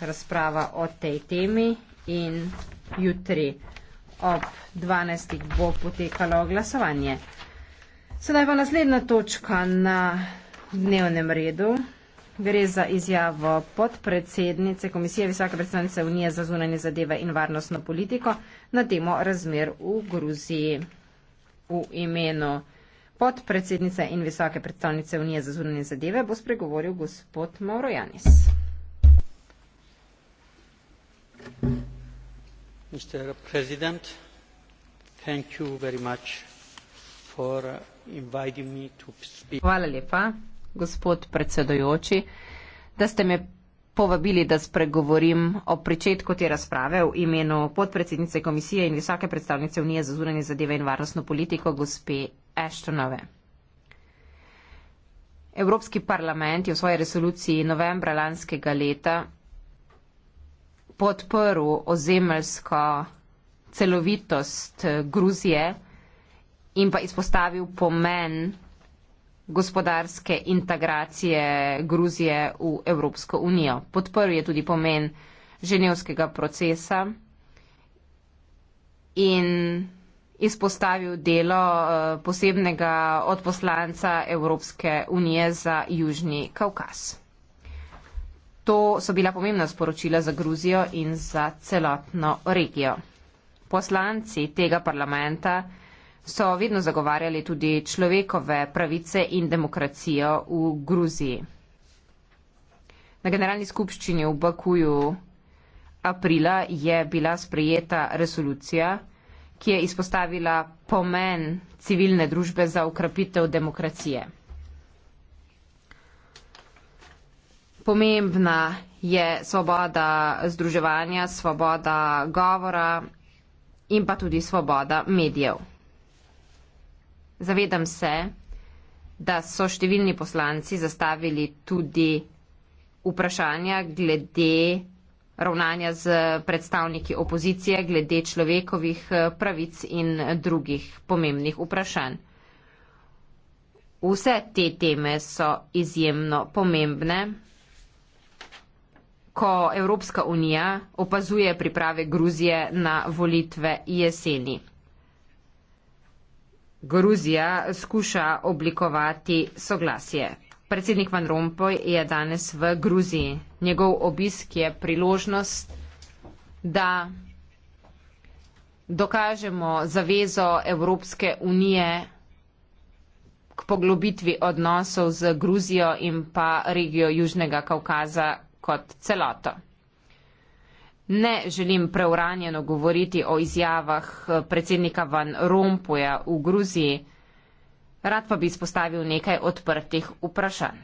razprava o tej temi in jutri ob 12. bo potekalo glasovanje. Sedaj pa naslednja točka na dnevnem redu. Gre za izjavo podpredsednice Komisije Visoke predstavnice Unije za zunanje zadeve in varnostno politiko na temo razmer v Gruziji v imenu. Podpredsednica in visoke predstavnice Unije za zunanje zadeve bo spregovoril gospod Mauro Janis mr president thank you very much for uh, inviting me to speak. Hvala lepa, gospod predsedujoči, da ste me povabili, da spregovorim o pričetku te razprave v imenu podpredsednice komisije in visoke predstavnice Unije za zunanje zadeve in varnostno politiko, gospe Ashtonove. Evropski parlament je v svoji resoluciji novembra lanskega leta podprl ozemeljsko celovitost eh, Gruzije in pa izpostavil pomen gospodarske integracije Gruzije v Evropsko unijo. Podprl je tudi pomen ženevskega procesa in izpostavil delo eh, posebnega odposlanca Evropske unije za Južni Kaukas. To so bila pomembna sporočila za Gruzijo in za celotno regijo. Poslanci tega parlamenta so vedno zagovarjali tudi človekove pravice in demokracijo v Gruziji. Na generalni skupščini v Bakuju aprila je bila sprejeta resolucija, ki je izpostavila pomen civilne družbe za ukrepitev demokracije. pomembna je svoboda združevanja, svoboda govora in pa tudi svoboda medijev. Zavedam se, da so številni poslanci zastavili tudi vprašanja glede ravnanja z predstavniki opozicije, glede človekovih eh, pravic in drugih pomembnih vprašanj. Vse te teme so izjemno pomembne ko Evropska unija opazuje priprave Gruzije na volitve jeseni. Gruzija skuša oblikovati soglasje. Predsednik Van Rompuy je danes v Gruziji. Njegov obisk je priložnost, da dokažemo zavezo Evropske unije k poglobitvi odnosov z Gruzijo in pa regijo Južnega Kaukaza, kot celoto. Ne želim preuranjeno govoriti o izjavah eh, predsednika Van Rompuja v Gruziji, rad pa bi izpostavil nekaj odprtih vprašanj.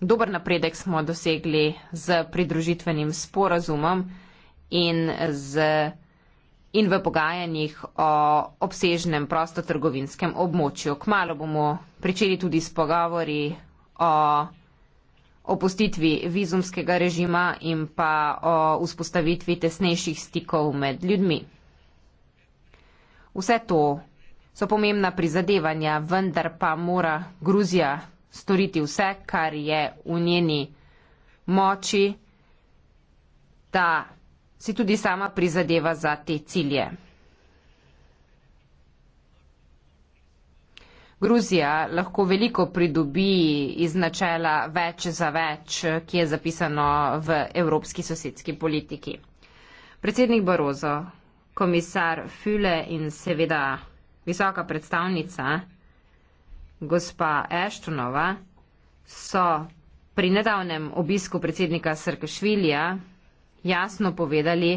Dober napredek smo dosegli z pridružitvenim sporazumom in, z, in v pogajanjih o obsežnem prostotrgovinskem območju. Kmalo bomo pričeli tudi s pogovori o opustitvi vizumskega režima in pa o vzpostavitvi tesnejših stikov med ljudmi. Vse to so pomembna prizadevanja, vendar pa mora Gruzija storiti vse, kar je v njeni moči, da si tudi sama prizadeva za te cilje. Gruzija lahko veliko pridobi iz načela več za več, ki je zapisano v evropski sosedski politiki. Predsednik Barozo, komisar Füle in seveda visoka predstavnica gospa Eštonova so pri nedavnem obisku predsednika Srkešvilija jasno povedali,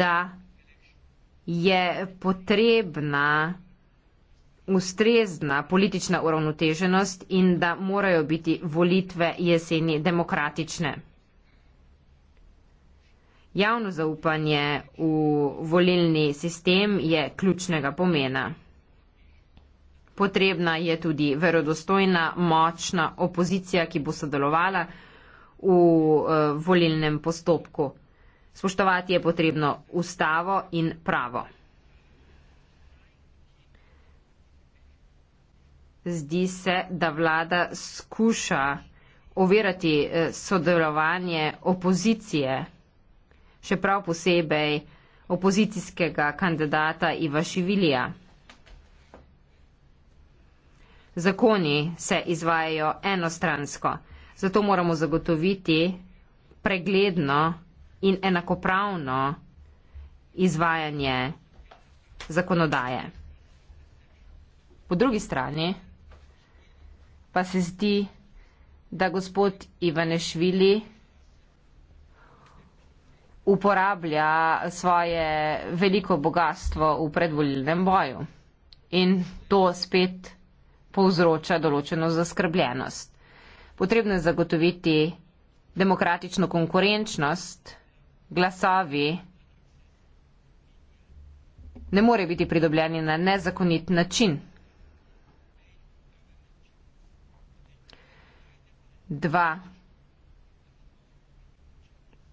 da je potrebna ustrezna politična uravnoteženost in da morajo biti volitve jeseni demokratične. Javno zaupanje v volilni sistem je ključnega pomena. Potrebna je tudi verodostojna, močna opozicija, ki bo sodelovala v eh, volilnem postopku. Spoštovati je potrebno ustavo in pravo. zdi se, da vlada skuša ovirati eh, sodelovanje opozicije, še prav posebej opozicijskega kandidata Iva Šivilija. Zakoni se izvajajo enostransko, zato moramo zagotoviti pregledno in enakopravno izvajanje zakonodaje. Po drugi strani, pa se zdi, da gospod Ivanešvili uporablja svoje veliko bogatstvo v predvolilnem boju. In to spet povzroča določeno zaskrbljenost. Potrebno je zagotoviti demokratično konkurenčnost, glasovi ne more biti pridobljeni na nezakonit način. dva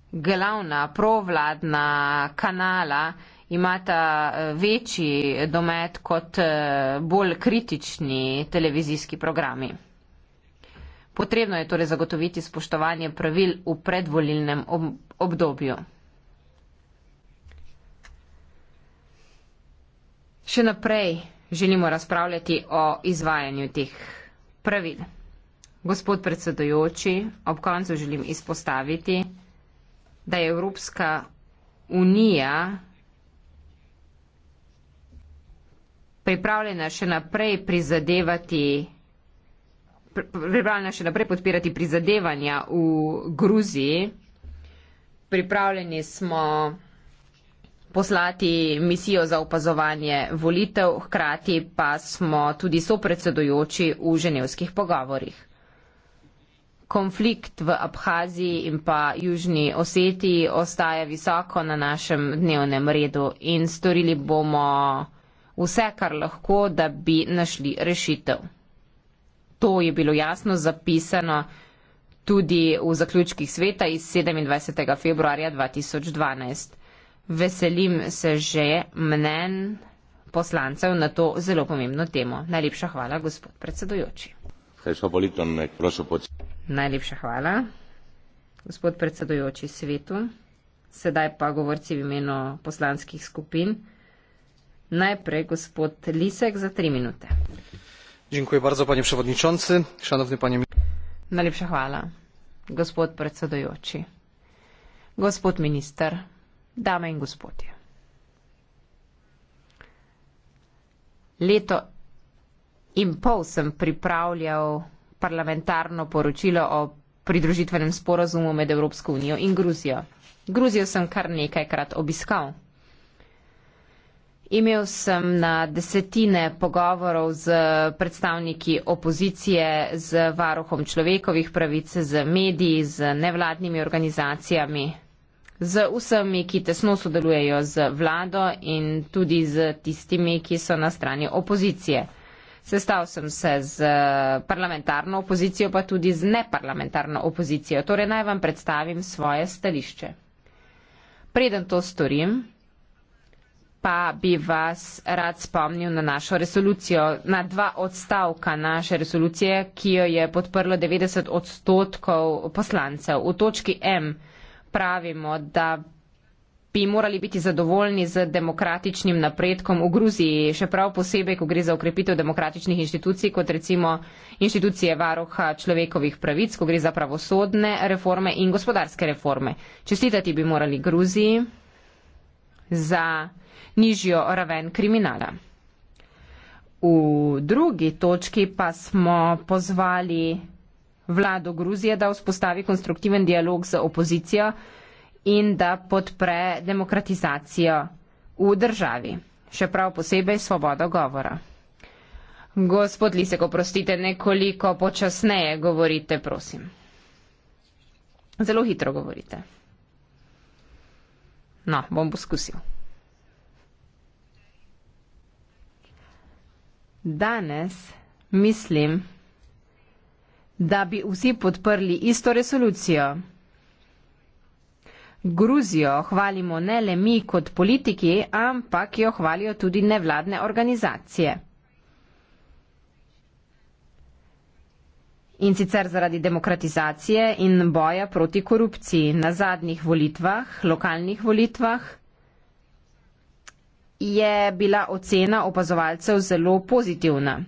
glavna provladna kanala imata eh, večji domet kot eh, bolj kritični televizijski programi. Potrebno je torej zagotoviti spoštovanje pravil v predvolilnem ob obdobju. Še naprej želimo razpravljati o izvajanju teh pravil. Gospod predsedojoči, ob koncu želim izpostaviti, da je Evropska unija pripravljena še naprej prizadevati pripravljena še naprej podpirati prizadevanja v Gruziji. Pripravljeni smo poslati misijo za opazovanje volitev, hkrati pa smo tudi sopredsedujoči v ženevskih pogovorih. Konflikt v Abhaziji in pa Južni Osetiji ostaja visoko na našem dnevnem redu in storili bomo vse, kar lahko, da bi našli rešitev. To je bilo jasno zapisano tudi v zaključkih sveta iz 27. februarja 2012. Veselim se že mnen poslancev na to zelo pomembno temo. Najlepša hvala, gospod predsedujoči. Hvala, gospod. Najlepša hvala, gospod predsedujoči svetu. Sedaj pa govorci v imenu poslanskih skupin. Najprej gospod Lisek za tri minute. Bardzo, panie przewodniczący. Szanowny panie... Najlepša hvala, gospod predsedujoči. Gospod minister, dame in gospodje. Leto in pol sem pripravljal parlamentarno poročilo o pridružitvenem sporazumu med Evropsko unijo in Gruzijo. Gruzijo sem kar nekajkrat obiskal. Imel sem na desetine pogovorov z predstavniki opozicije, z varuhom človekovih pravic, z mediji, z nevladnimi organizacijami, z vsemi, ki tesno sodelujejo z vlado in tudi z tistimi, ki so na strani opozicije. Sestal sem se z eh, parlamentarno opozicijo, pa tudi z neparlamentarno opozicijo. Torej naj vam predstavim svoje stališče. Preden to storim, pa bi vas rad spomnil na našo resolucijo, na dva odstavka naše resolucije, ki jo je podprlo 90 odstotkov poslancev. V točki M pravimo, da bi morali biti zadovoljni z demokratičnim napredkom v Gruziji, še prav posebej, ko gre za ukrepitev demokratičnih inštitucij, kot recimo inštitucije varoha človekovih pravic, ko gre za pravosodne reforme in gospodarske reforme. Čestitati bi morali Gruziji za nižjo raven kriminala. V drugi točki pa smo pozvali vlado Gruzije, da vzpostavi konstruktiven dialog z opozicijo, in da podpre demokratizacijo v državi, še prav posebej svobodo govora. Gospod Lisek, oprostite, nekoliko počasneje govorite, prosim. Zelo hitro govorite. No, bom poskusil. Danes mislim, da bi vsi podprli isto resolucijo, Gruzijo hvalimo ne le mi kot politiki, ampak jo hvalijo tudi nevladne organizacije. In sicer zaradi demokratizacije in boja proti korupciji na zadnjih volitvah, lokalnih volitvah, je bila ocena opazovalcev zelo pozitivna.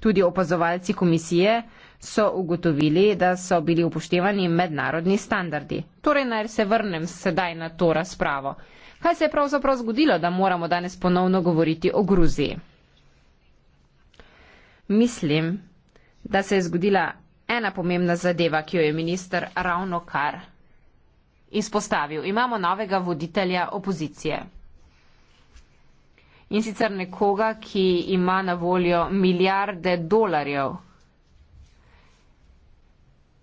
Tudi opazovalci komisije so ugotovili, da so bili upoštevani mednarodni standardi. Torej, naj se vrnem sedaj na to razpravo. Kaj se je pravzaprav zgodilo, da moramo danes ponovno govoriti o Gruziji? Mislim, da se je zgodila ena pomembna zadeva, ki jo je minister ravno kar izpostavil. Imamo novega voditelja opozicije. In sicer nekoga, ki ima na voljo milijarde dolarjev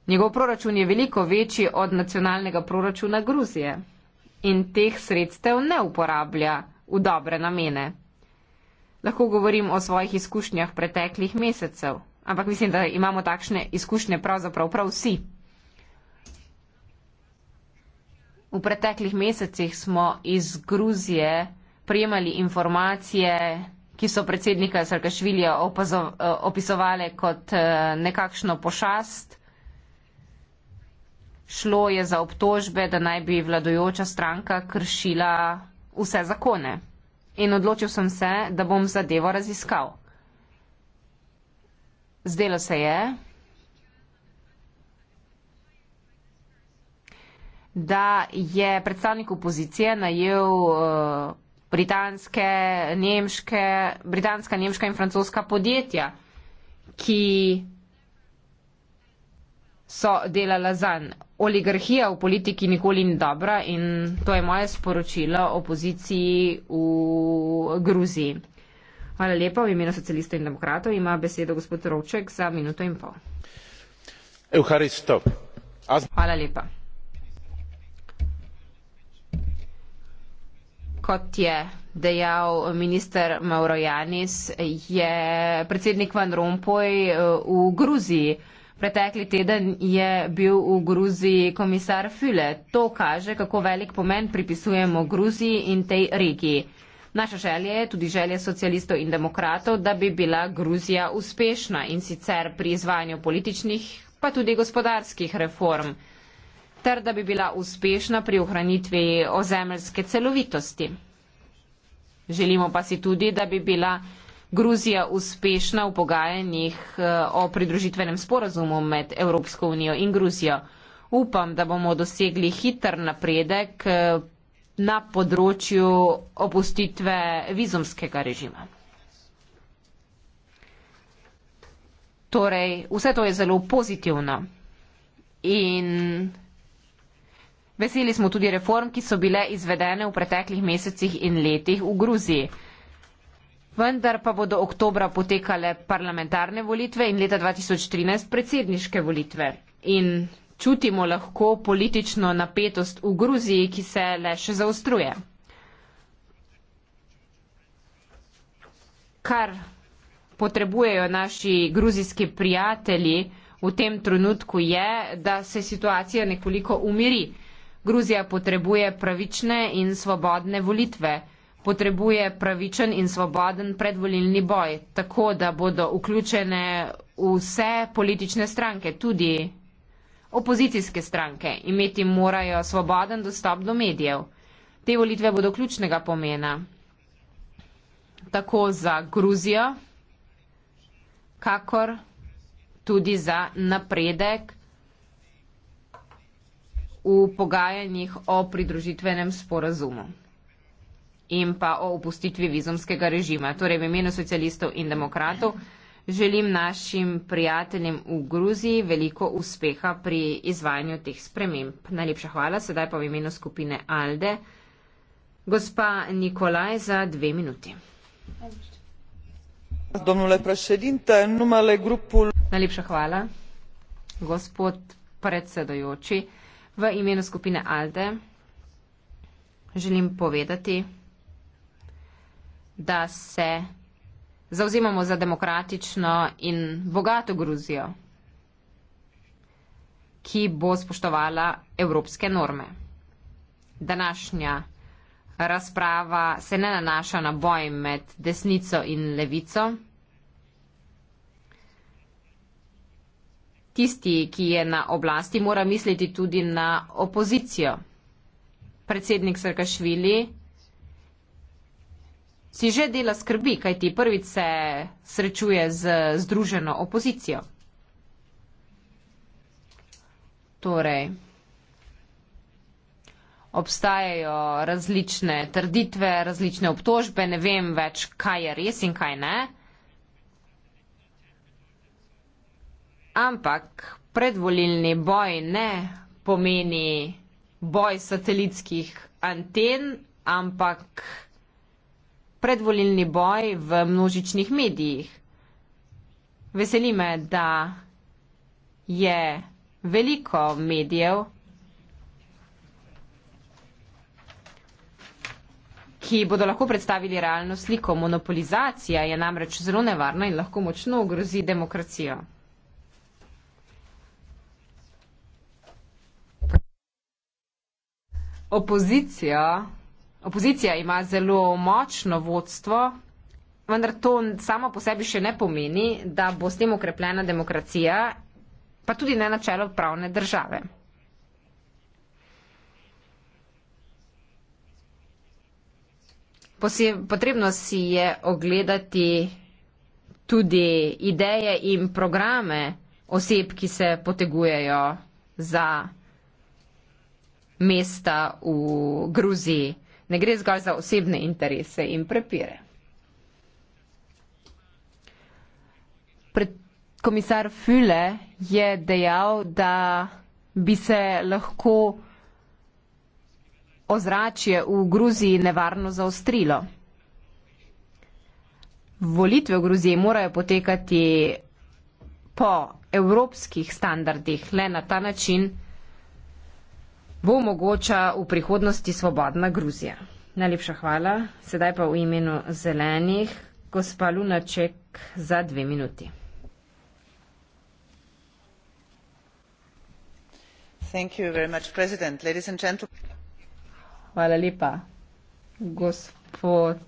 Njegov proračun je veliko večji od nacionalnega proračuna Gruzije in teh sredstev ne uporablja v dobre namene. Lahko govorim o svojih izkušnjah preteklih mesecev, ampak mislim, da imamo takšne izkušnje pravzaprav prav vsi. V preteklih mesecih smo iz Gruzije prijemali informacije, ki so predsednika Sarkašvilja opisovale kot eh, nekakšno pošast, Šlo je za obtožbe, da naj bi vladojoča stranka kršila vse zakone. In odločil sem se, da bom zadevo raziskal. Zdelo se je, da je predstavnik opozicije najel uh, britanske, nemške, britanska, nemška in francoska podjetja, ki so delala zanj oligarhija v politiki nikoli ni dobra in to je moje sporočilo opoziciji v Gruziji. Hvala lepa, v imenu socialistov in demokratov ima besedo gospod Rovček za minuto in pol. Hvala lepa. Kot je dejal minister Maurojanis, je predsednik Van Rompuy eh, v Gruziji. Pretekli teden je bil v Gruziji komisar File. To kaže, kako velik pomen pripisujemo Gruziji in tej regiji. Naša želja je tudi želja socialistov in demokratov, da bi bila Gruzija uspešna in sicer pri izvajanju političnih, pa tudi gospodarskih reform, ter da bi bila uspešna pri ohranitvi ozemeljske celovitosti. Želimo pa si tudi, da bi bila Gruzija uspešna v pogajanjih eh, o pridružitvenem sporazumu med Evropsko unijo in Gruzijo. Upam, da bomo dosegli hiter napredek eh, na področju opustitve vizumskega režima. Torej, vse to je zelo pozitivno in veseli smo tudi reform, ki so bile izvedene v preteklih mesecih in letih v Gruziji vendar pa bodo oktobra potekale parlamentarne volitve in leta 2013 predsedniške volitve. In čutimo lahko politično napetost v Gruziji, ki se le še zaostruje. Kar potrebujejo naši gruzijski prijatelji v tem trenutku je, da se situacija nekoliko umiri. Gruzija potrebuje pravične in svobodne volitve potrebuje pravičen in svoboden predvolilni boj, tako da bodo vključene vse politične stranke, tudi opozicijske stranke. Imeti morajo svoboden dostop do medijev. Te volitve bodo ključnega pomena. Tako za Gruzijo, kakor tudi za napredek v pogajanjih o pridružitvenem sporazumu in pa o opustitvi vizumskega režima. Torej, v imenu socialistov in demokratov želim našim prijateljem v Gruziji veliko uspeha pri izvajanju teh sprememb. Najlepša hvala, sedaj pa v imenu skupine Alde. Gospa Nikolaj za dve minuti. Najlepša hvala, gospod predsedojoči. V imenu skupine Alde želim povedati, da se zauzemamo za demokratično in bogato Gruzijo, ki bo spoštovala evropske norme. Današnja razprava se ne nanaša na boj med desnico in levico. Tisti, ki je na oblasti, mora misliti tudi na opozicijo. Predsednik Srkašvili si že dela skrbi, kaj ti prvič se srečuje z združeno opozicijo. Torej, obstajajo različne trditve, različne obtožbe, ne vem več, kaj je res in kaj ne. Ampak predvolilni boj ne pomeni boj satelitskih anten, ampak predvolilni boj v množičnih medijih. Veseli me, da je veliko medijev, ki bodo lahko predstavili realno sliko. Monopolizacija je namreč zelo nevarna in lahko močno ogrozi demokracijo. Opozicija Opozicija ima zelo močno vodstvo, vendar to samo po sebi še ne pomeni, da bo s tem okrepljena demokracija, pa tudi ne načelo pravne države. Potrebno si je ogledati tudi ideje in programe oseb, ki se potegujejo za mesta v Gruziji ne gre zgolj za osebne interese in prepire. Komisar Füle je dejal, da bi se lahko ozračje v Gruziji nevarno zaostrilo. Volitve v Gruziji morajo potekati po evropskih standardih, le na ta način bo omogoča v prihodnosti svobodna Gruzija. Najlepša hvala. Sedaj pa v imenu zelenih, gospa Lunaček, za dve minuti. Much, hvala lepa, gospod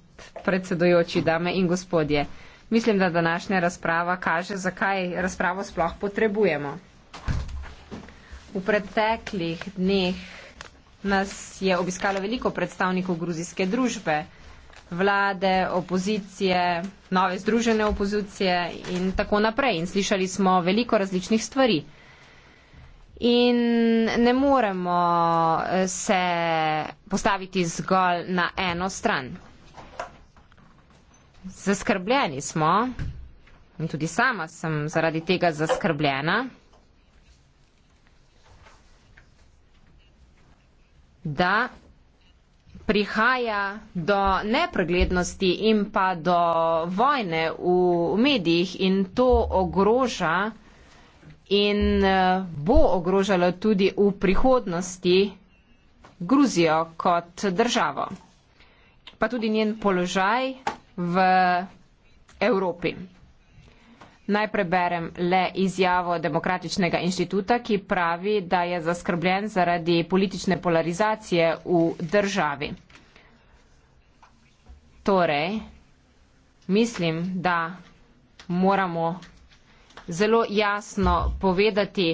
predsedojoči, dame in gospodje. Mislim, da današnja razprava kaže, zakaj razpravo sploh potrebujemo. V preteklih dneh nas je obiskalo veliko predstavnikov gruzijske družbe, vlade, opozicije, nove združene opozicije in tako naprej. In slišali smo veliko različnih stvari. In ne moremo eh, se postaviti zgolj na eno stran. Zaskrbljeni smo, in tudi sama sem zaradi tega zaskrbljena. da prihaja do nepreglednosti in pa do vojne v medijih in to ogroža in eh, bo ogrožalo tudi v prihodnosti Gruzijo kot državo, pa tudi njen položaj v Evropi. Naj preberem le izjavo Demokratičnega inštituta, ki pravi, da je zaskrbljen zaradi politične polarizacije v državi. Torej, mislim, da moramo zelo jasno povedati,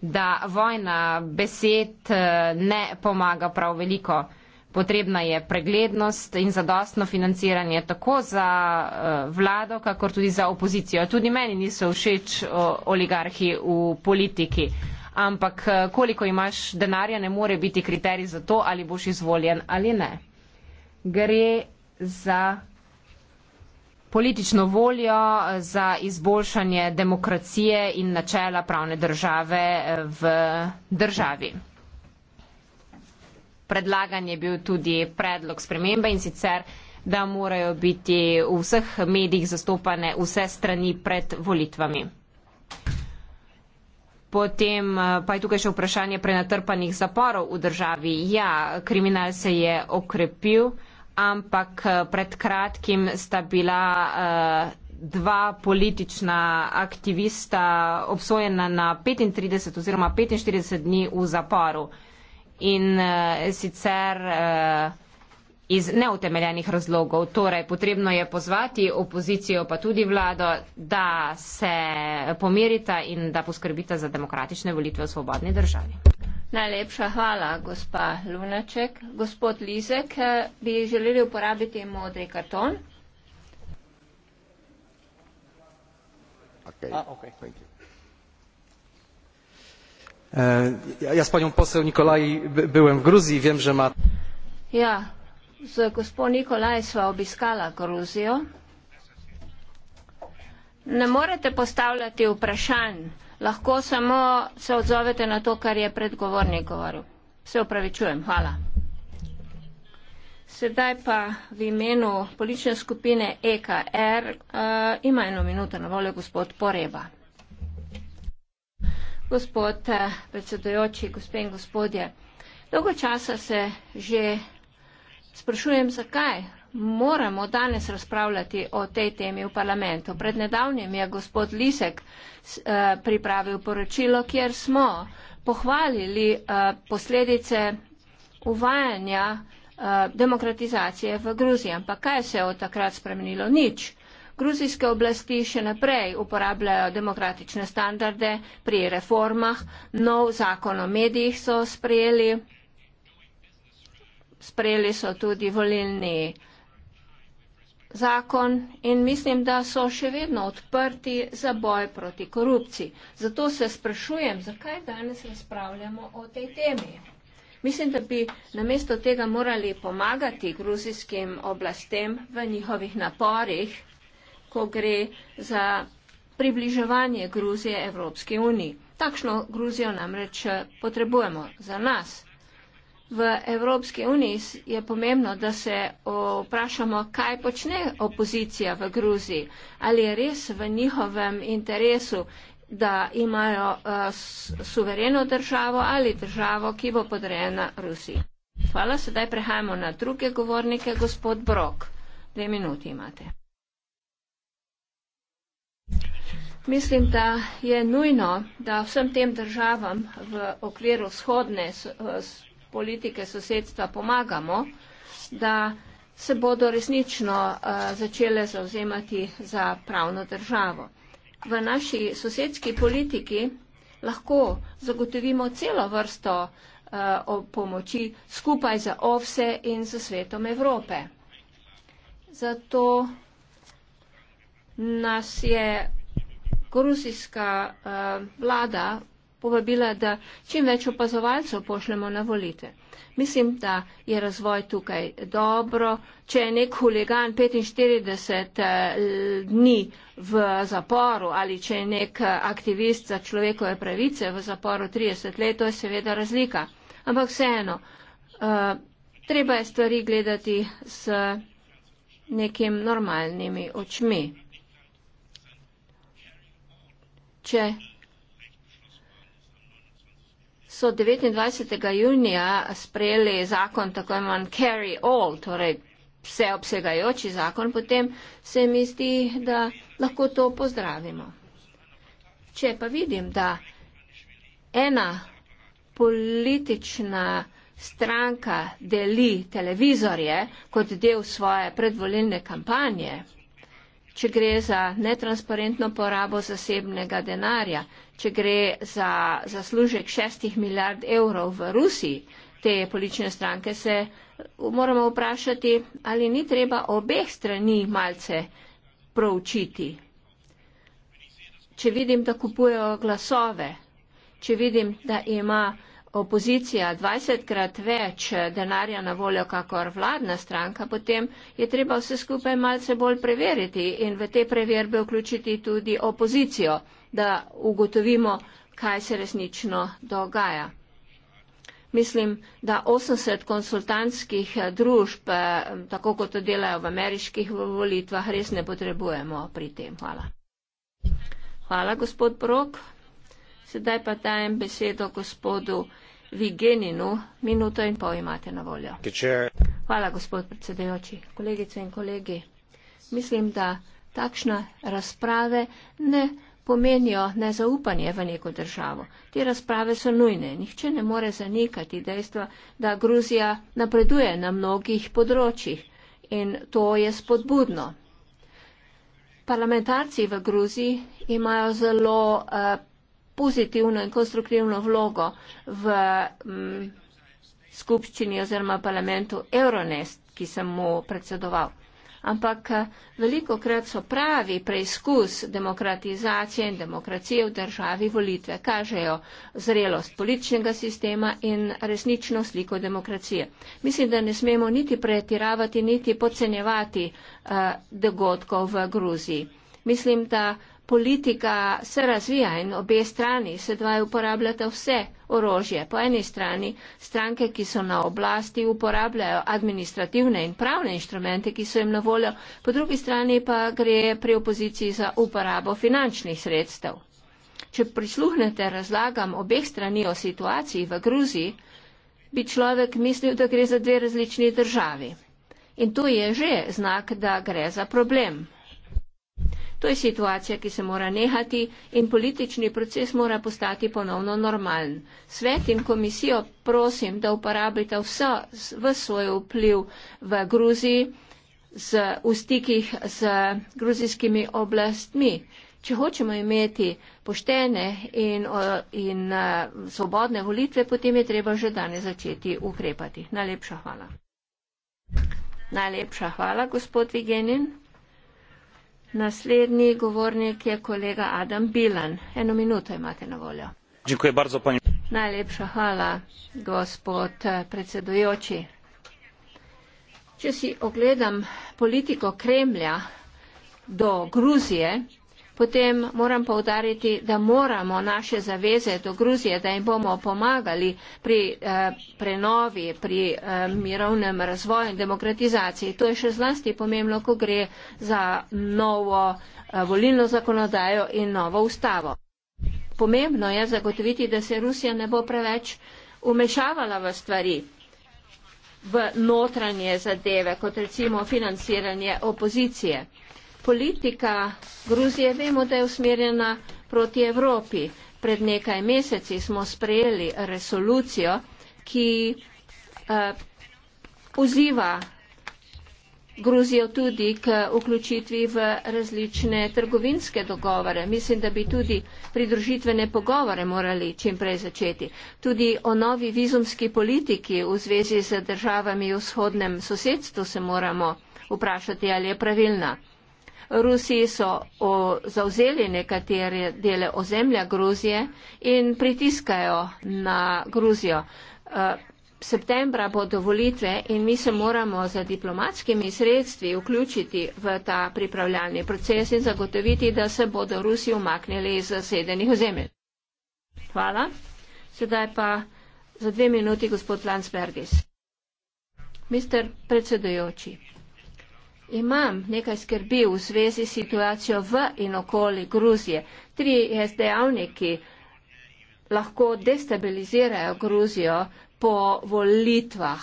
da vojna besed eh, ne pomaga prav veliko. Potrebna je preglednost in zadostno financiranje tako za eh, vlado, kakor tudi za opozicijo. Tudi meni niso všeč oligarhi v politiki. Ampak eh, koliko imaš denarja, ne more biti kriterij za to, ali boš izvoljen ali ne. Gre za politično voljo eh, za izboljšanje demokracije in načela pravne države v državi predlagan je bil tudi predlog spremembe in sicer, da morajo biti v vseh medijih zastopane vse strani pred volitvami. Potem eh, pa je tukaj še vprašanje prenatrpanih zaporov v državi. Ja, kriminal se je okrepil, ampak eh, pred kratkim sta bila uh, dva politična aktivista obsojena na 35 oziroma 45 dni v zaporu. Uh, in uh, sicer uh, iz neutemeljenih razlogov. Torej, potrebno je pozvati opozicijo, pa tudi vlado, da se pomirita in da poskrbita za demokratične volitve v svobodni državi. Najlepša hvala, gospa Lunaček. Gospod Lizek, eh, bi želeli uporabiti modri karton? Okay. Ah, okay. E, ja z panią poseł nicolai byłem w gruzji wiem że ma ja z gospo nicolai sva obiskala gruzijo ne morete postavljati vprašanj lahko samo se odzovete na to kar je predgovornik govoril se opravičujem hvala sedaj pa v imenu politične skupine ekr uh, e, ima eno minuto na voljo gospod poreba gospod eh, predsedujoči, gospe in gospodje. Dolgo časa se že sprašujem, zakaj moramo danes razpravljati o tej temi v parlamentu. Pred nedavnim je gospod Lisek eh, pripravil poročilo, kjer smo pohvalili eh, posledice uvajanja demokratizacije v Gruziji. Ampak kaj se je od takrat spremenilo? Nič. Gruzijske oblasti še naprej uporabljajo demokratične standarde pri reformah, nov zakon o medijih so sprejeli, sprejeli so tudi volilni zakon in mislim, da so še vedno odprti za boj proti korupciji. Zato se sprašujem, zakaj danes razpravljamo o tej temi. Mislim, da bi namesto tega morali pomagati gruzijskim oblastem v njihovih naporih ko gre za približevanje Gruzije Evropski uniji. Takšno Gruzijo namreč potrebujemo za nas. V Evropski uniji je pomembno, da se vprašamo, kaj počne opozicija v Gruziji. Ali je res v njihovem interesu, da imajo eh, suvereno državo ali državo, ki bo podrejena Rusiji. Hvala, sedaj prehajamo na druge govornike. Gospod Brok, dve minuti imate. Mislim, da je nujno, da vsem tem državam v okviru vzhodne politike sosedstva pomagamo, da se bodo resnično eh, začele zauzemati za pravno državo. V naši sosedski politiki lahko zagotovimo celo vrsto eh, pomoči skupaj za OVSE in za svetom Evrope. Zato nas je korusijska uh, vlada povabila, da čim več opazovalcev pošljemo na volite. Mislim, da je razvoj tukaj dobro. Če je nek huligan 45 eh, dni v zaporu ali če je nek eh, aktivist za človekove pravice v zaporu 30 let, to je seveda razlika. Ampak vseeno, uh, treba je stvari gledati s nekim normalnimi očmi. Če so 29. junija sprejeli zakon tako imen carry all, torej vseobsegajoči zakon, potem se mi zdi, da lahko to pozdravimo. Če pa vidim, da ena politična stranka deli televizorje kot del svoje predvoljene kampanje, če gre za netransparentno porabo zasebnega denarja, če gre za zaslužek šestih milijard evrov v Rusiji, te politične stranke se moramo vprašati, ali ni treba obeh strani malce proučiti. Če vidim, da kupujejo glasove, če vidim, da ima opozicija dvajsetkrat več denarja na voljo, kakor vladna stranka, potem je treba vse skupaj malce bolj preveriti in v te preverbe vključiti tudi opozicijo, da ugotovimo, kaj se resnično dogaja. Mislim, da 80 konsultantskih družb, eh, tako kot to delajo v ameriških volitvah, res ne potrebujemo pri tem. Hvala. Hvala, gospod Brok. Sedaj pa dajem besedo gospodu vigeninu minuto in pol imate na voljo. Hvala, gospod predsedujoči. Kolegice in kolegi, mislim, da takšne razprave ne pomenijo nezaupanje v neko državo. Te razprave so nujne. Nihče ne more zanikati dejstva, da Gruzija napreduje na mnogih področjih in to je spodbudno. Parlamentarci v Gruziji imajo zelo uh, pozitivno in konstruktivno vlogo v m, mm, skupščini oziroma parlamentu Euronest, ki sem mu predsedoval. Ampak eh, veliko krat so pravi preizkus demokratizacije in demokracije v državi volitve, kažejo zrelost političnega sistema in resnično sliko demokracije. Mislim, da ne smemo niti pretiravati, niti podcenjevati uh, dogodkov v Gruziji. Mislim, da politika se razvija in obe strani sedaj uporabljata vse orožje. Po eni strani stranke, ki so na oblasti, uporabljajo administrativne in pravne inštrumente, ki so jim na voljo, po drugi strani pa gre pri opoziciji za uporabo finančnih sredstev. Če prisluhnete razlagam obeh strani o situaciji v Gruziji, bi človek mislil, da gre za dve različni državi. In to je že znak, da gre za problem. To je situacija, ki se mora nehati in politični proces mora postati ponovno normalen. Svet in komisijo prosim, da uporabite vso v svoj vpliv v Gruziji z, v stikih z gruzijskimi oblastmi. Če hočemo imeti poštene in, in eh, svobodne volitve, potem je treba že danes začeti ukrepati. Najlepša hvala. Najlepša hvala, gospod Vigenin. Naslednji govornik je kolega Adam Bilan. Eno minuto imate na voljo. Dziękuję bardzo, pani. Najlepša hvala, gospod eh, predsedujoči. Če si ogledam politiko Kremlja do Gruzije, potem moram povdariti, da moramo naše zaveze do Gruzije, da jim bomo pomagali pri eh, prenovi, pri eh, mirovnem razvoju in demokratizaciji. To je še zlasti pomembno, ko gre za novo eh, volilno zakonodajo in novo ustavo. Pomembno je zagotoviti, da se Rusija ne bo preveč umešavala v stvari v notranje zadeve, kot recimo financiranje opozicije. Uh, politika Gruzije vemo, da je usmerjena proti Evropi. Pred nekaj meseci smo sprejeli resolucijo, ki eh, poziva uh, Gruzijo tudi k vključitvi v različne trgovinske dogovore. Mislim, da bi tudi pridružitvene pogovore morali čimprej začeti. Tudi o novi vizumski politiki v zvezi z državami v vzhodnem sosedstvu se moramo vprašati, ali je pravilna. Rusiji so o, zauzeli nekatere dele ozemlja Gruzije in pritiskajo na Gruzijo. Eh, septembra bodo volitve in mi se moramo za diplomatskimi sredstvi vključiti v ta pripravljalni proces in zagotoviti, da se bodo Rusi umaknili iz zasedenih ozemelj. Hvala. Sedaj pa za dve minuti gospod Lansbergis. Mister predsedujoči. Imam nekaj skrbi v zvezi s situacijo v in okoli Gruzije. Tri dejavniki lahko destabilizirajo Gruzijo po volitvah.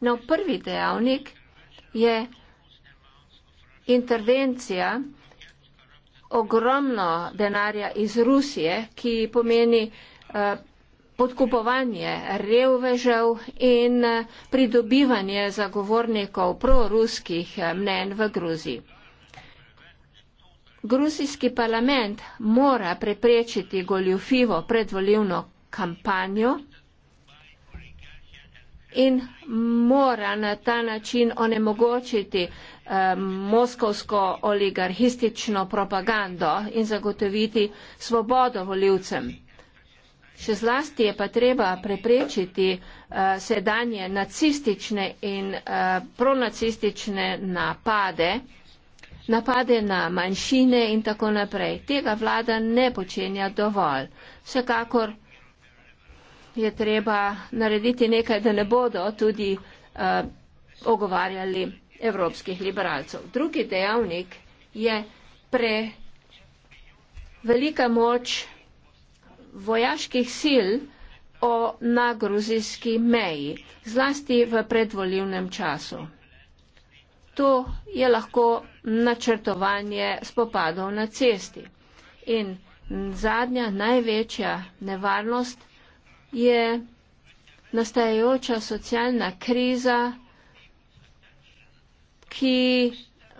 No, prvi dejavnik je intervencija ogromno denarja iz Rusije, ki pomeni uh, podkupovanje revvežev in eh, pridobivanje zagovornikov proruskih eh, mnen v Gruziji. Gruzijski parlament mora preprečiti goljufivo predvoljivno kampanjo in mora na ta način onemogočiti eh, moskovsko oligarhistično propagando in zagotoviti svobodo voljivcem. Še zlasti je pa treba preprečiti uh, sedanje nacistične in uh, pronacistične napade, napade na manjšine in tako naprej. Tega vlada ne počenja dovolj. Vsekakor je treba narediti nekaj, da ne bodo tudi uh, ogovarjali evropskih liberalcev. Drugi dejavnik je pre velika moč vojaških sil o, na gruzijski meji, zlasti v predvoljivnem času. To je lahko načrtovanje spopadov na cesti. In zadnja, največja nevarnost je nastajajoča socialna kriza, ki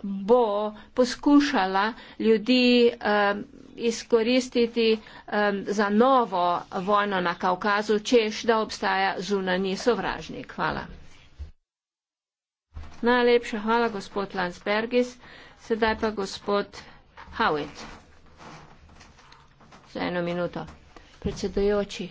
bo poskušala ljudi um, izkoristiti um, za novo vojno na Kaukazu, češ da obstaja zunani sovražnik. Hvala. Najlepša hvala, gospod Landsbergis. Sedaj pa gospod Howitt. Za eno minuto. Predsedujoči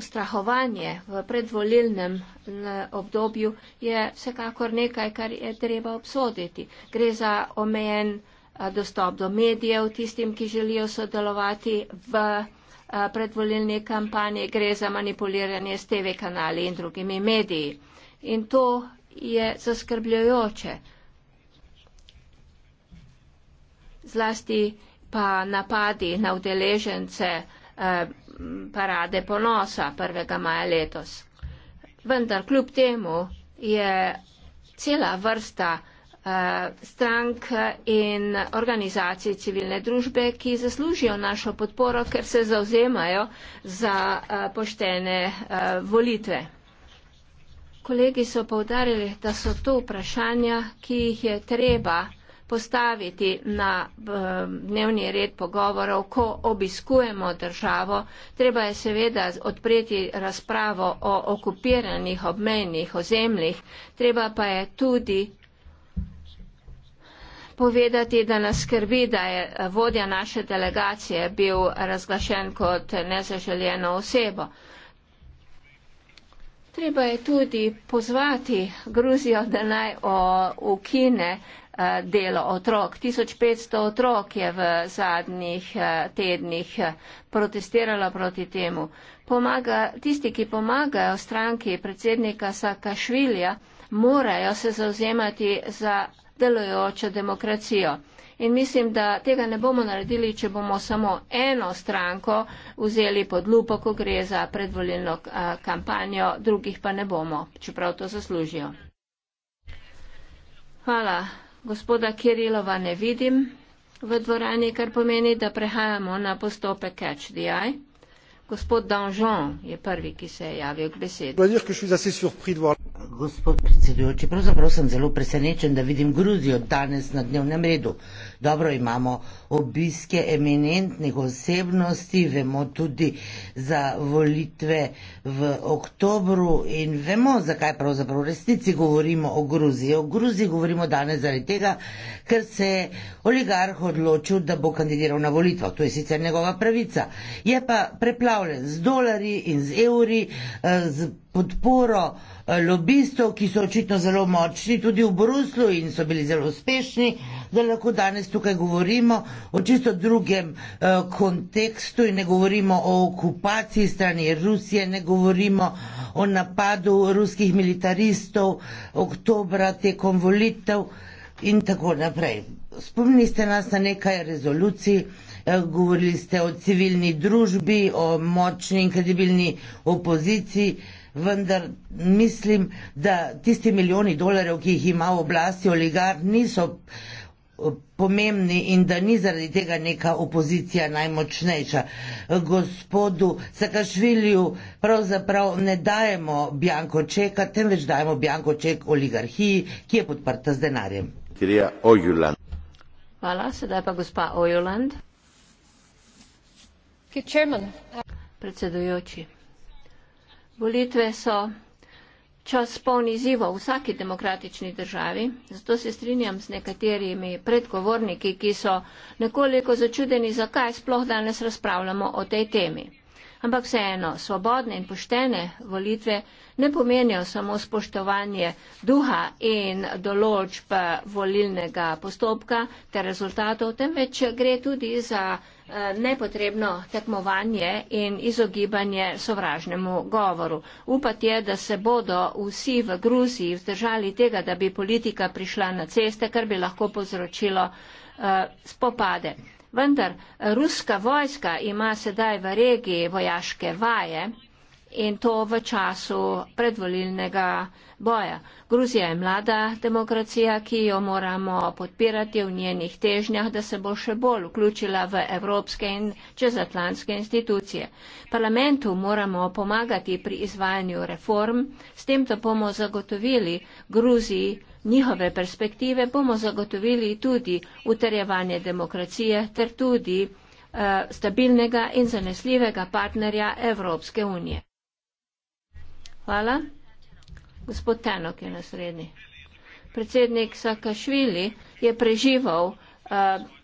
ustrahovanje v predvolilnem eh, obdobju je vsekakor nekaj, kar je treba obsoditi. Gre za omejen eh, dostop do medijev tistim, ki želijo sodelovati v eh, predvolilni kampanji, gre za manipuliranje s TV kanali in drugimi mediji. In to je zaskrbljujoče. Zlasti pa napadi na udeležence parade ponosa 1. maja letos. Vendar kljub temu je cela vrsta eh, strank in organizacij civilne družbe, ki zaslužijo našo podporo, ker se zauzemajo za eh, poštene eh, volitve. Kolegi so povdarili, da so to vprašanja, ki jih je treba postaviti na ehm, dnevni red pogovorov, ko obiskujemo državo. Treba je seveda odpreti razpravo o okupiranih obmejnih ozemljih, treba pa je tudi povedati, da nas skrbi, da je vodja naše delegacije bil razglašen kot nezaželjeno osebo. Treba je tudi pozvati Gruzijo, da naj ukine Eh, delo otrok. 1500 otrok je v zadnjih eh, tednih eh, protestiralo proti temu. Pomaga, tisti, ki pomagajo stranki predsednika Sakašvilja, morajo se zauzemati za delujočo demokracijo. In mislim, da tega ne bomo naredili, če bomo samo eno stranko vzeli pod lupo, ko gre za predvoljeno kampanjo, drugih pa ne bomo, čeprav to zaslužijo. Hvala. Gospoda Kirilova ne vidim v dvorani, kar pomeni, da prehajamo na postopek Catch the Eye. Gospod Danžon je prvi, ki se je javil k besedi. Gospod predsedujoči, pravzaprav sem zelo presenečen, da vidim Gruzijo danes na dnevnem redu dobro imamo obiske eminentnih osebnosti, vemo tudi za volitve v oktobru in vemo, zakaj pravzaprav v resnici govorimo o Gruziji. O Gruziji govorimo danes zaradi tega, ker se je oligarh odločil, da bo kandidiral na volitvah. To je sicer njegova pravica. Je pa preplavljen z dolari in z evri, eh, z podporo eh, lobistov, ki so očitno zelo močni tudi v Bruslu in so bili zelo uspešni da lahko danes tukaj govorimo o čisto drugem uh, kontekstu in ne govorimo o okupaciji strani Rusije, ne govorimo o napadu ruskih militaristov oktobra tekom volitev in tako naprej. Spomnili ste nas na nekaj rezolucij, eh, govorili ste o civilni družbi, o močni in kredibilni opoziciji, vendar mislim, da tisti milijoni dolarjev, ki jih ima oblasti oligar, niso pomembni in da ni zaradi tega neka opozicija najmočnejša. Gospodu Sakašvilju pravzaprav ne dajemo bjanko čeka, temveč dajemo bjanko ček oligarhiji, ki je podprta z denarjem. Hvala, sedaj pa gospa Ojoland. Predsedujoči. Volitve so čas poln izzivov vsaki demokratični državi, zato se strinjam z nekaterimi predgovorniki, ki so nekoliko začudeni, zakaj sploh danes razpravljamo o tej temi ampak vseeno svobodne in poštene volitve ne pomenijo samo spoštovanje duha in določb volilnega postopka ter rezultatov, temveč gre tudi za eh, nepotrebno tekmovanje in izogibanje sovražnemu govoru. Upati je, da se bodo vsi v Gruziji vzdržali tega, da bi politika prišla na ceste, kar bi lahko povzročilo eh, spopade. Vendar ruska vojska ima sedaj v regiji vojaške vaje in to v času predvolilnega boja. Gruzija je mlada demokracija, ki jo moramo podpirati v njenih težnjah, da se bo še bolj vključila v evropske in čezatlantske institucije. Parlamentu moramo pomagati pri izvajanju reform, s tem, da bomo zagotovili Gruziji njihove perspektive bomo zagotovili tudi utrjevanje demokracije ter tudi eh, stabilnega in zanesljivega partnerja Evropske unije. Hvala. Gospod Tenok je naslednji. Predsednik Sakašvili je preživel eh,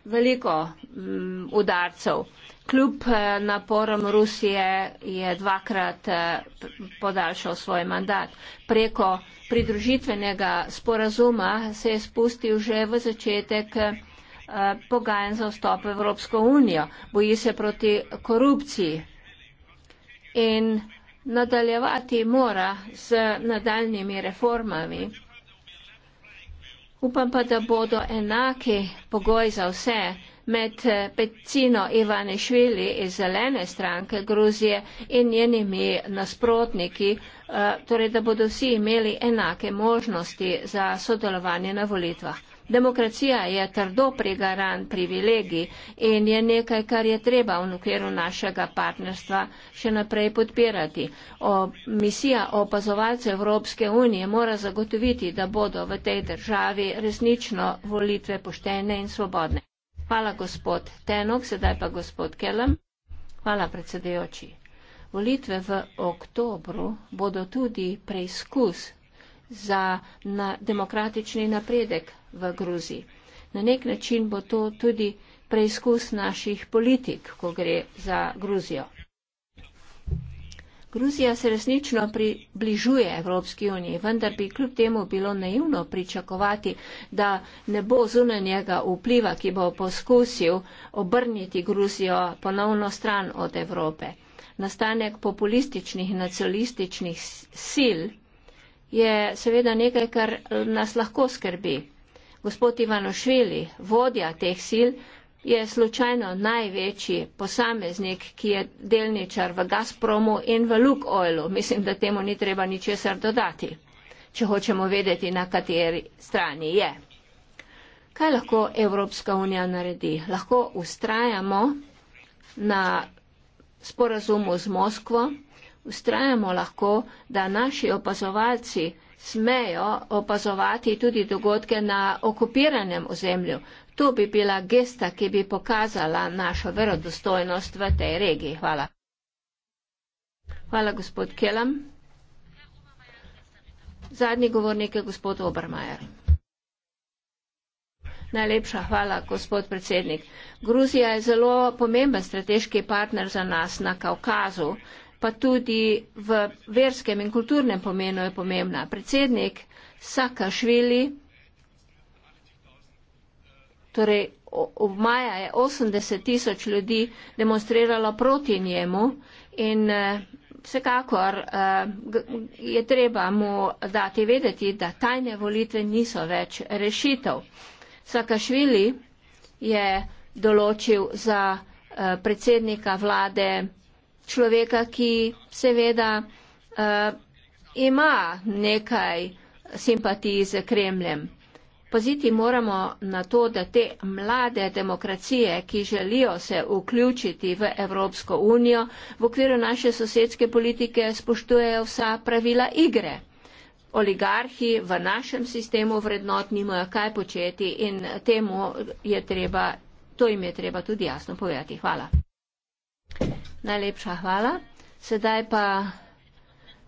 veliko m, mm, udarcev. Kljub eh, naporom Rusije je dvakrat eh, podaljšal svoj mandat. Preko pridružitvenega sporazuma se je spustil že v začetek eh, pogajanj za vstop v Evropsko unijo. Boji se proti korupciji in nadaljevati mora z nadaljnimi reformami. Upam pa, da bodo enaki pogoji za vse med eh, Petino Ivanešvili iz zelene stranke Gruzije in njenimi nasprotniki, eh, torej da bodo vsi imeli enake možnosti za sodelovanje na volitvah. Demokracija je trdo prigaran privilegij in je nekaj, kar je treba v okviru našega partnerstva še naprej podpirati. O, misija opazovalcev Evropske unije mora zagotoviti, da bodo v tej državi resnično volitve poštene in svobodne. Hvala, gospod Tenok, sedaj pa gospod Kellem. Hvala, predsedejoči. Volitve v oktobru bodo tudi preizkus za na demokratični napredek v Gruziji. Na nek način bo to tudi preizkus naših politik, ko gre za Gruzijo. Gruzija se resnično približuje Evropski uniji, vendar bi kljub temu bilo naivno pričakovati, da ne bo zunanjega vpliva, ki bo poskusil obrniti Gruzijo ponovno stran od Evrope. Nastanek populističnih in nacionalističnih sil je seveda nekaj, kar nas lahko skrbi. Gospod Ivanošvili, vodja teh sil, je slučajno največji posameznik, ki je delničar v Gazpromu in v Luk Oilu. Mislim, da temu ni treba ničesar dodati, če hočemo vedeti, na kateri strani je. Kaj lahko Evropska unija naredi? Lahko ustrajamo na sporazumu z Moskvo, ustrajamo lahko, da naši opazovalci smejo opazovati tudi dogodke na okupiranem ozemlju. To bi bila gesta, ki bi pokazala našo verodostojnost v tej regiji. Hvala. Hvala, gospod Kelam. Zadnji govornik je gospod Obermajer. Najlepša hvala, gospod predsednik. Gruzija je zelo pomemben strateški partner za nas na Kaukazu, pa tudi v verskem in kulturnem pomenu je pomembna. Predsednik Sakašvili torej ob maja je 80 tisoč ljudi demonstriralo proti njemu in eh, vsekakor eh, je treba mu dati vedeti, da tajne volitve niso več rešitev. Sakašvili je določil za eh, predsednika vlade človeka, ki seveda ima nekaj simpatij z Kremljem. Paziti moramo na to, da te mlade demokracije, ki želijo se vključiti v Evropsko unijo, v okviru naše sosedske politike spoštujejo vsa pravila igre. Oligarhi v našem sistemu vrednot nimajo kaj početi in temu je treba, to jim je treba tudi jasno povedati. Hvala. Najlepša hvala. Sedaj pa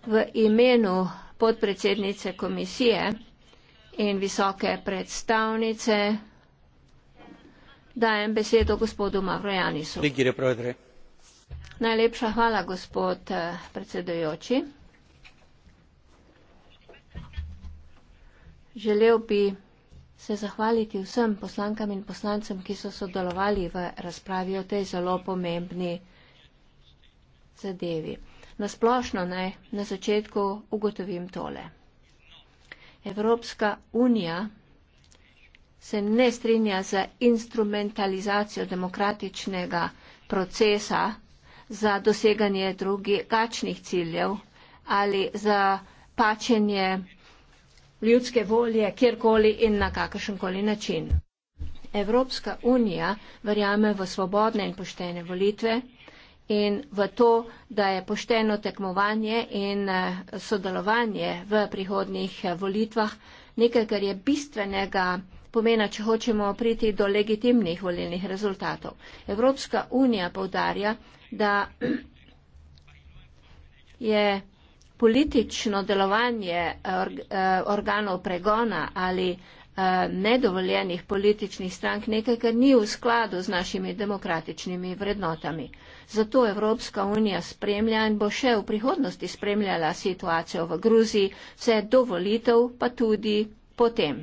v imenu podpredsednice komisije in visoke predstavnice. Dajem besedo gospodu Mavrojanisu. Najlepša hvala, gospod eh, predsedujoči. Želel bi se zahvaliti vsem poslankam in poslancem, ki so sodelovali v razpravi o tej zelo pomembni zadevi. Nasplošno naj na začetku ugotovim tole. Evropska unija se ne strinja z instrumentalizacijo demokratičnega procesa za doseganje drugačnih ciljev ali za pačenje ljudske volje kjerkoli in na kakršenkoli način. Evropska unija verjame v svobodne in poštene volitve, in v to, da je pošteno tekmovanje in eh, sodelovanje v prihodnih eh, volitvah nekaj, kar je bistvenega pomena, če hočemo priti do legitimnih volilnih rezultatov. Evropska unija povdarja, da je politično delovanje eh, organov pregona ali nedovoljenih političnih strank nekaj, kar ni v skladu z našimi demokratičnimi vrednotami. Zato Evropska unija spremlja in bo še v prihodnosti spremljala situacijo v Gruziji, vse do volitev pa tudi potem.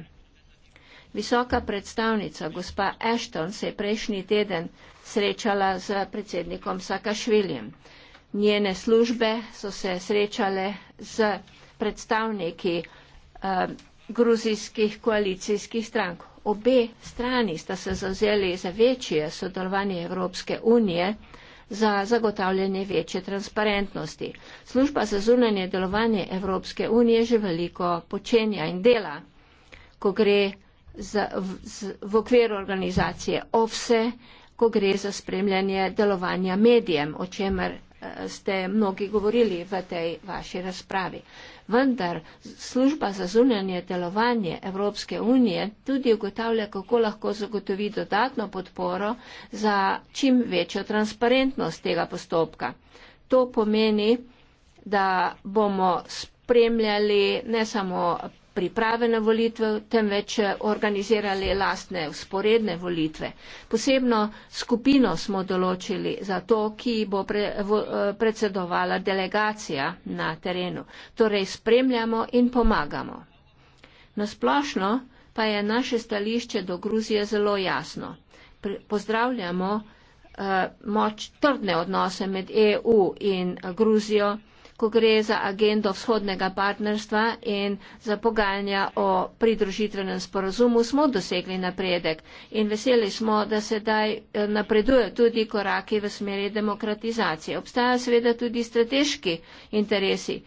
Visoka predstavnica gospa Ashton se je prejšnji teden srečala z predsednikom Sakašviljem. Njene službe so se srečale z predstavniki eh, gruzijskih koalicijskih strank. Obe strani sta se zazeli za večje sodelovanje Evropske unije za zagotavljanje večje transparentnosti. Služba za zunanje delovanje Evropske unije že veliko počenja in dela, ko gre za, v, z, v okviru organizacije OVSE, ko gre za spremljanje delovanja medijem, o čemer ste mnogi govorili v tej vaši razpravi. Vendar služba za zunanje delovanje Evropske unije tudi ugotavlja, kako lahko zagotovi dodatno podporo za čim večjo transparentnost tega postopka. To pomeni, da bomo spremljali ne samo priprave na volitve, temveč eh, organizirali lastne usporedne volitve. Posebno skupino smo določili za to, ki bo pre, v, eh, predsedovala delegacija na terenu. Torej spremljamo in pomagamo. Nasplošno pa je naše stališče do Gruzije zelo jasno. Pozdravljamo uh, moč trdne odnose med EU in Gruzijo ko gre za agendo vzhodnega partnerstva in za pogajanja o pridružitvenem sporazumu, smo dosegli napredek in veseli smo, da se daj eh, napreduje tudi koraki v smeri demokratizacije. Obstajajo seveda tudi strateški interesi.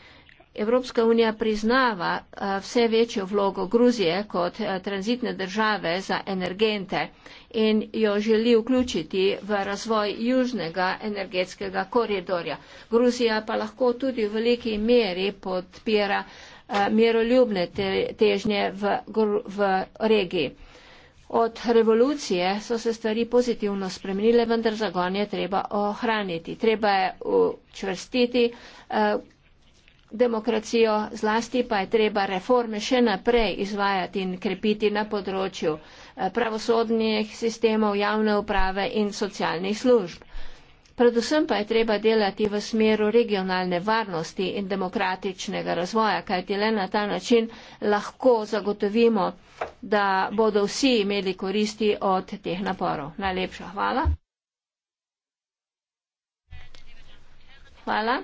Evropska unija priznava eh, vse večjo vlogo Gruzije kot eh, tranzitne države za energente in jo želi vključiti v razvoj južnega energetskega koridorja. Gruzija pa lahko tudi v veliki meri podpira eh, miroljubne težnje v, v regiji. Od revolucije so se stvari pozitivno spremenile, vendar zagon je treba ohraniti. Treba je učvrstiti demokracijo, zlasti pa je treba reforme še naprej izvajati in krepiti na področju eh, pravosodnih sistemov, javne uprave in socialnih služb. Predvsem pa je treba delati v smeru regionalne varnosti in demokratičnega razvoja, kajti le na ta način lahko zagotovimo, da bodo vsi imeli koristi od teh naporov. Najlepša hvala. Hvala.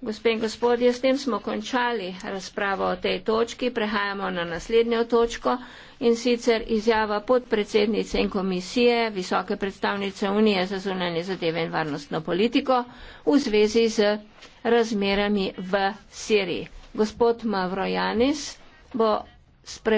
Gospe in gospodje, s tem smo končali razpravo o tej točki. Prehajamo na naslednjo točko in sicer izjava podpredsednice in komisije Visoke predstavnice Unije za zunanje zadeve in varnostno politiko v zvezi z razmerami v Siriji. Gospod Mavrojanis bo spremljal.